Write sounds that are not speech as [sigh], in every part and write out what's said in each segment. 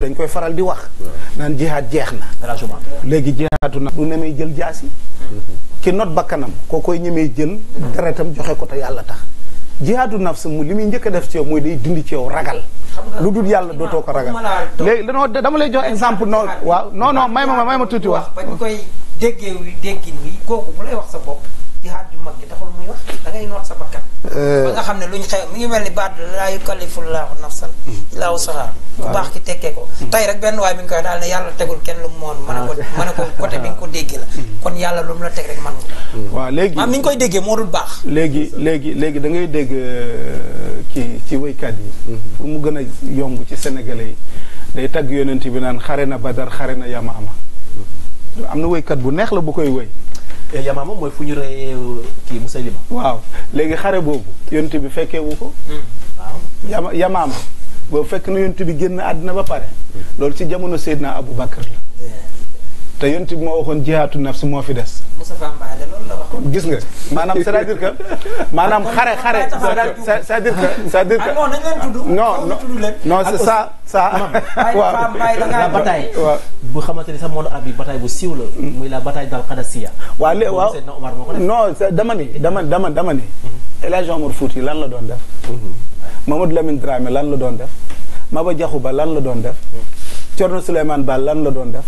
dañ koy faral di wax naan jihaad jeex na léegi jihaatu nag du nemee jël jaasi ki not bakkanam koo koy ñemee jël deretam joxe ko te yàlla tax jihaadu nafs mu li muy njëkk def ci yow mooy day dindi ci yow ragal lu dul yàlla dootoo ko ragal léegi danoo dama lay jox exemple non waaw non may ma may ma tuuti wax bañ koy déggee wi déggin wi wax sa bopp jihaad ju mag gi sa bakkan Euh, ba nga xam ne ñu xew mi ngi mel ni baat laa yukallifullaahu nafsan illaa wusahaa ku baax ki tekkee ko hmm. tey rek benn waay mi ngi koy daal ne yàlla tegul kenn lu mu moon mën a ko mën a ko hmm. côté bi nga hmm. kon yàlla lu mu la teg rek waaw léegi maam ni ñu koy déggee moo baax léegi léegi léegi da ngay dégg euh, kii ci wéykat yi gën a yomb ci sénégalais yi day tagg yonent bi naan xare na badar xare na yama ama am na wéykat bu neex la bu koy woy Eh, yamaama mooy fu ñu reyee euh, kii Musaylima waaw léegi xare boobu yonent bi fekkee wu ko. Hmm. waaw yamaama boobu fekk na yonent bi génn àddina ba pare. Hmm. loolu ci jamono Seydina Aboubacar la. te yonent bi moo waxoon jihaatu nafs moo fi des. gis nga maanaam c'est-à-dire que maanaam xare xare c'est-à-dire que c'est-à-dire que ah, non non c'est ça ça waaw la bataille bu xamante ni sax moonu ab yi bataille bu siiw la muy la bataille dal xadasiya waaw lé waaw non dama ni dama dama dama ni mhm. El Hadj Omar Fouti lan la doon def mhm. Mamadou Lamine Dramé lan la doon def Maba Diakhou Ba lan la doon def mhm. Thierno Souleymane Ba lan la doon def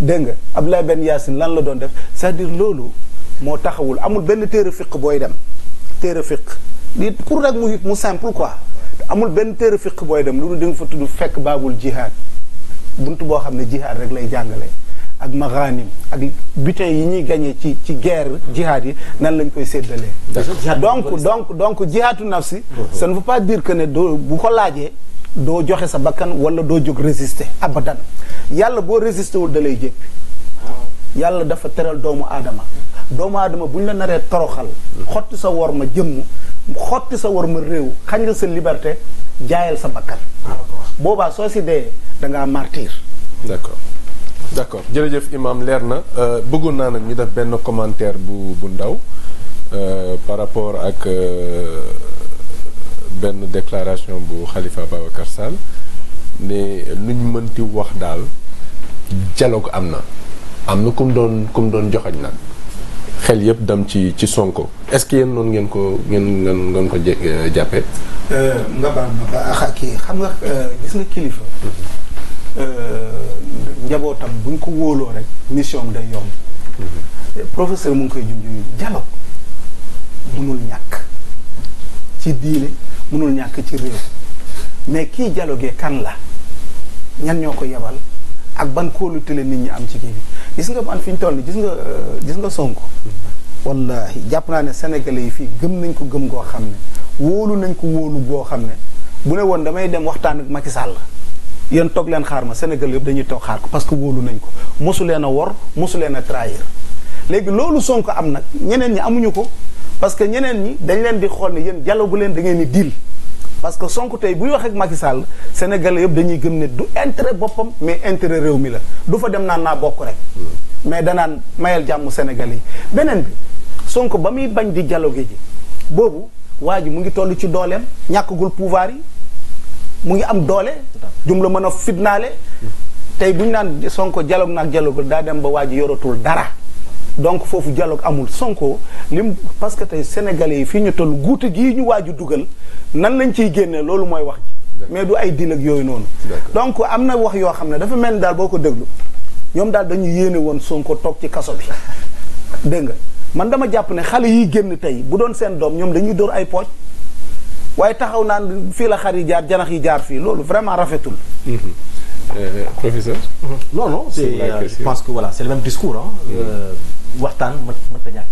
dégg nga Abdoulaye Ben Yacine lan la doon def c'est-à-dire loolu moo taxawul amul benn téere fiq booy dem téere fiq di pour rek mu mu simple quoi amul benn téere fiq booy dem loolu da nga fa tudd fekk baabul jihaad bunt boo xam ne jihaad rek lay jàngale ak maganim ak butin yi ñuy gagné ci ci guerre jihaad yi nan lañ koy séddalee donc donc donc jihaatu nafsi ça ne veut pas dire que ne doo bu ko laajee doo joxe sa bakkan wala doo jóg résister abadan yàlla boo résister wul da lay jéppi yàlla dafa teral doomu aadama doomu aadama bu ñu la naree toroxal xotti sa wor ma jëmm xotti sa wor ma réew xañ la sa liberté jaayal sa bakkan boobaa soo si dee da ngaa martyr d'accord d'accord jërëjëf imam leer na euh, bëggoon naa nag ñu def benn commentaire bu bu ndaw euh, par rapport ak euh, benn déclaration bu xalifa Babacar Sall ne lu ñu mënti wax daal dialogue am na am na kum doon kum doon joxañ na xel yëpp dem ci ci Sonko est-ce que yéen noonu ngeen ko ngeen ngeen ko euh, jàppee. Euh, nga baal ma ba ah, kii xam nga euh, gis nga kilifa. Mm-hmm. njabootam buñ ko wóoloo rek mission bi day yomb. Mm-hmm. professeur mu ngi koy junj jalo mënul ñàkk ci diine mënul ñàkk ci réew mais kii dialogué kan la ñan ñoo ko yebal ak ban kóolute la nit ñi am ci kii gis nga man fi ñu toll gis nga euh, gis nga sonk wallahi jàpp naa ne sénégalais yi fii gëm nañ ko gëm goo xam ne wóolu nañ ko wóolu goo xam ne bu ne woon damay dem waxtaan ak Macky Sall yéen toog leen xaar ma sénégalais yëpp dañuy toog xaar ko parce que wóolu nañ ko mosu leen a wor mosu leen a trahir léegi loolu Sonko am nag ñeneen ñi amuñu ko parce que ñeneen ñi dañ leen di xool ne yéen dialogue leen da ngeen di diil parce que sonk tey buy wax ak Macky sénégal sénégalais dañuy gëm ne du intérêt boppam mais intérêt réew mi la du fa dem naan naa bokk rek mais danaan mayal jàmm sénégal yi beneen bi sonk ba muy bañ di jaloge ji boobu waa ji mu ngi toll ci dooleem ñàkkagul pouvoir yi mu ngi am doole jum la mën a fitnaale tey bu ñu naan Sonko dialogue naag dialogue daa dem ba waa ji yoratul dara donc foofu dialogue amul Sonko lim parce que tey sénégalais yi fii ñu toll guute gii ñu waaju dugal nan lañ ciy génne loolu mooy wax ji mais du ay dil yooyu noonu donc am na wax yoo xam ne dafa mel ni daal boo ko déglu ñoom daal dañu yéene woon Sonko toog ci kaso bi [laughs] dégg nga man dama jàpp ne xale yiy génn tey bu doon seen doom ñoom dañuy dóor ay pooj waaye taxaw naan fii la xar yi jaar janax yi jaar fii loolu vraiment rafetul mhm. euh, professeur non non c'est euh, je pense que voilà c'est waxtaan ma mënta ñàkk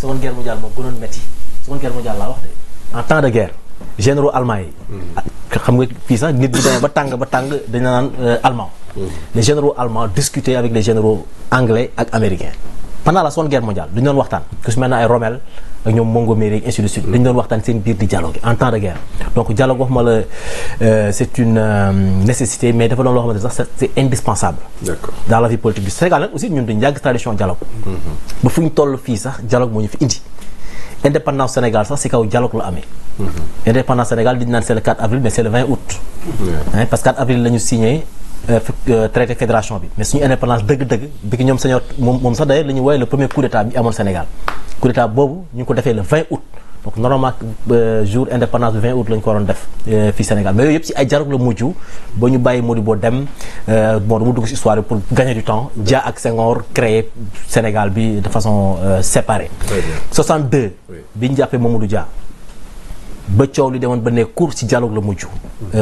seconde guerre mondiale moo gënoon métti seconde guerre mondiale laa wax de en temps de guerre généraux allemands yi. Hmm. xam nga fii sax nit ñi demee ba tàng ba tàng dañu naan euh, allemand. Hmm. les généraux allemands discutaient avec les généraux anglais ak américain pendant la seconde guerre mondiale dañu doon waxtaan ku su mel ne ay Rommel ak ñoom Mongo Mary ainsi de suite dañu doon waxtaan seen biir di dialogue en temps de guerre donc dialogue wax ma la euh, c'est une euh, nécessité mais dafa doon loo xamante sax c'est indispensable dans la vie politique du Sénégal nag aussi ñun dañu yàgg tradition dialogue mm-hmm. ba fu ñu toll fii sax dialogue moo ñu fi indi indépendance Sénégal sax si kaw dialogue la amee mm-hmm. indépendance Sénégal diñu naan c'est le 4 avril mais c'est que la ñu Euh, euh, traité fédération bi mais suñu indépendance dëgg-dëgg bi ki ñoom señor moom moom sax d'ailleurs la ñuy woowee le premier coup d'état bi amoon Sénégal coup d'état boobu ñu ko defee le 20 août donc normalement euh, jour indépendance bi 20 août la ñu ko waroon def fii Sénégal mais yooyu yëpp si ay jarug la mujj ba ñu bàyyi Modibo dem bon du mu dugg si histoire bi pour gagner du temps Dia ak Senghor créer Sénégal bi de façon séparée 62 bi ñu jàppee moom Mamadou Dia ba coow li demoon ba ne cour si dialogue la mujj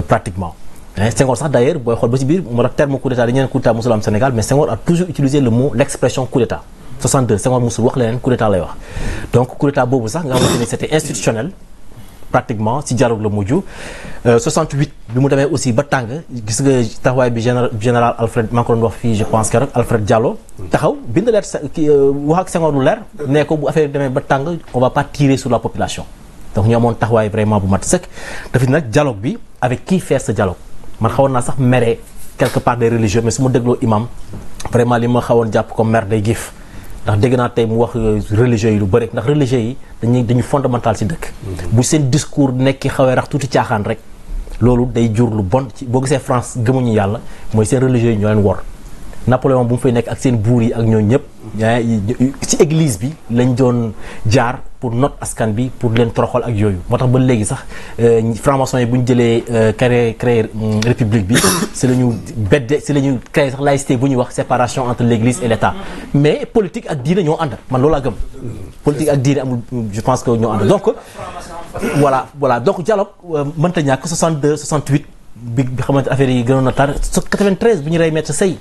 pratiquement Eh, Senghor sax d'ailleurs booy xool ba ci biir moo tax terme coup d'état dañu naan coup d'état musul am Sénégal mais Senghor a toujours utilisé le mot l'expression coup d'état 62 Senghor musul wax leneen coup d'état lay wax donc coup d'état boobu sax nga xamante ni c'était institutionnel pratiquement ci dialogue la mujj euh, bi mu demee aussi ba tàng gis nga taxawaay bi général général Alfred maa ngi ko doon wax fii je pense que rek Alfred Diallo. taxaw bind leer euh, wax ak Senghor lu leer. nee bu affaire demee ba tàng on va pas tirer la population. donc ñu amoon taxawaay vraiment bu mat sëkk dafit nag dialogue bi avec qui faire ce dialogue. man xawoon naa sax mere quelque part des religieux mais su ma dégloo imam vraiment li ma xawoon jàpp ko mer day giif ndax dégg naa tey mu wax religieux yi lu bëri ndax religieux yi dañuy dañu fondamental ci dëkk. Mhm. bu seen discours nekk xawee rax tuuti caaxaan rek loolu day jur lu bon ci boo gisee France ñu yàlla mooy seen religieux yi ñoo leen wor. Napoléon bu mu fay nekk ak seen buur yi ak ñoo ñëpp ci église bi lañ doon jaar pour not askan bi pour leen toroxal ak yooyu moo tax ba léegi sax euh, franc-maçon yi bu ñu jëlee euh, créé créé mm, république bi [coughs] si la ñu bedde si la ñu créé sax laïcité bu ñuy wax séparation entre l'église et l'état mais politique ak diine ñoo ànd man loolu a gëm politique ak diine amul je pense que ñoo ànd donc voilà voilà donc dialogue euh, mënta ñàkk 62 68 bi nga xamante affaire yi gënoon a tar 93 bu ñu rey Maître Sèye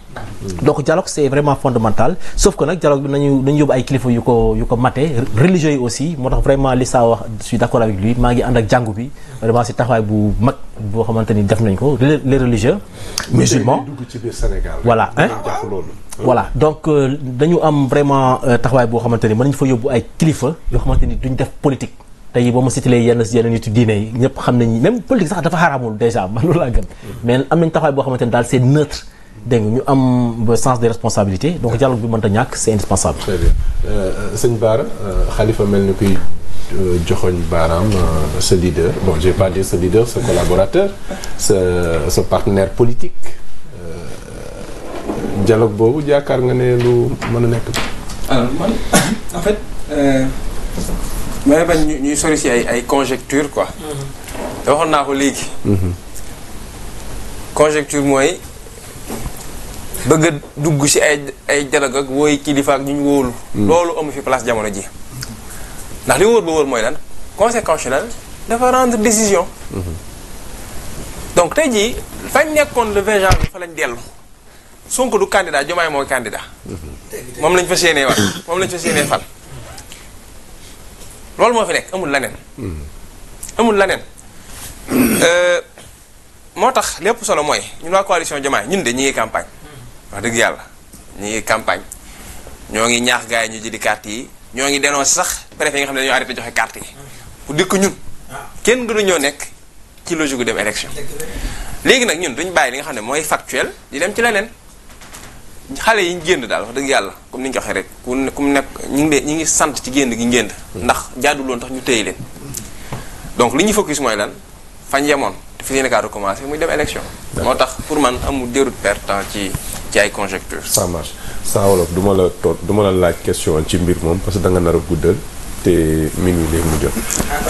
donc dialogue c' est vraiment fondamental sauf que nag dialogue bi nañu yóbbu ay kilifa yu ko yu ko mate religieux yi aussi moo tax vraiment li saa wax maa ngi ànd ak jàngu bi vraiment si taxawaay bu boo xamante ni def nañ ko les religieux musulmans voilà hein voilà donc euh, dañu am vraiment euh, taxawaay boo xamante ni mën nañu fa yóbbu ay kilifa yoo xamante ni duñ def politique tey boo ma sitalee yenn yenn nitu diine yi ñëpp xam nañu même politique sax dafa xaraamul déjà [laughs] man loolu laa gëm. mais am nañ taxawaay boo xamante daal c'est neutre. dégg nga ñu am sens des responsabilités donc dialogue bi mënta ñàkk c'est indispensable. très bien euh, sëñ Bara euh, Khalifa mel ni kuy euh, joxoñ baaraam sa leader bon je vais pas dire sa leader sa collaborateur sa sa partenaire politique dialogue boobu jaakaar nga ne lu mën a nekk. man [coughs] en fait. mais bañ ñuy sori si ay ay conjecture quoi. Mm-hmm. waxoon naa ko léegi. Mm-hmm. conjecture mooy bëgg a dugg si ay ay dialogue ak wooy kilifa ak ñu ñu wóolu. Mm. loolu amu fi place jamono ji ndax li wóor ba wóor mooy lan conseil constitutionnel dafa rendre décision. Mm-hmm. donc tey jii fañ nekkoon le 20 janvier fa lañ dellu Sonko du candidat Diomaye mooy candidat. moom lañ fas yéenee wax moom lañ fas yéenee fal. loolu moo fi nekk amul leneen. Hmm. amul leneen. [coughs] Euh, moo tax lépp solo mooy ñun waa coalition Diomaye ñun de ñi ngi campagne. Hmm. waa dëgg yàlla ñi ngi campagne ñoo ngi ñaax gaa yi ñu jëli carte yi ñoo ngi dénoncé sax préfet yi nga xam ne dañoo arrêté joxe carte yi. bu hmm. dikk ñun. Ah. kenn gënu ñoo nekk ci logique gu dem élection. léegi nag ñun duñ bàyyi li nga xam ne mooy factuel di dem ci la leneen. xale yi ñu génn daal wax dëgg yàlla comme ni ñu ko waxee rek ku ne ku nekk ñu ngi ñu ngi sant ci génn gi ngénd ndax jaadul woon tax ñu téye leen. donc li ñuy focus mooy lan fañ yemoon te fi Sénégal recommencé muy dem élection. moo tax pour man amul déroute perte temps ci ci ay conjectures. ça marche saa wolof du ma la toot du ma la laaj question ci mbir moom parce que da nga nar a guddal te minuit léegi mu jot.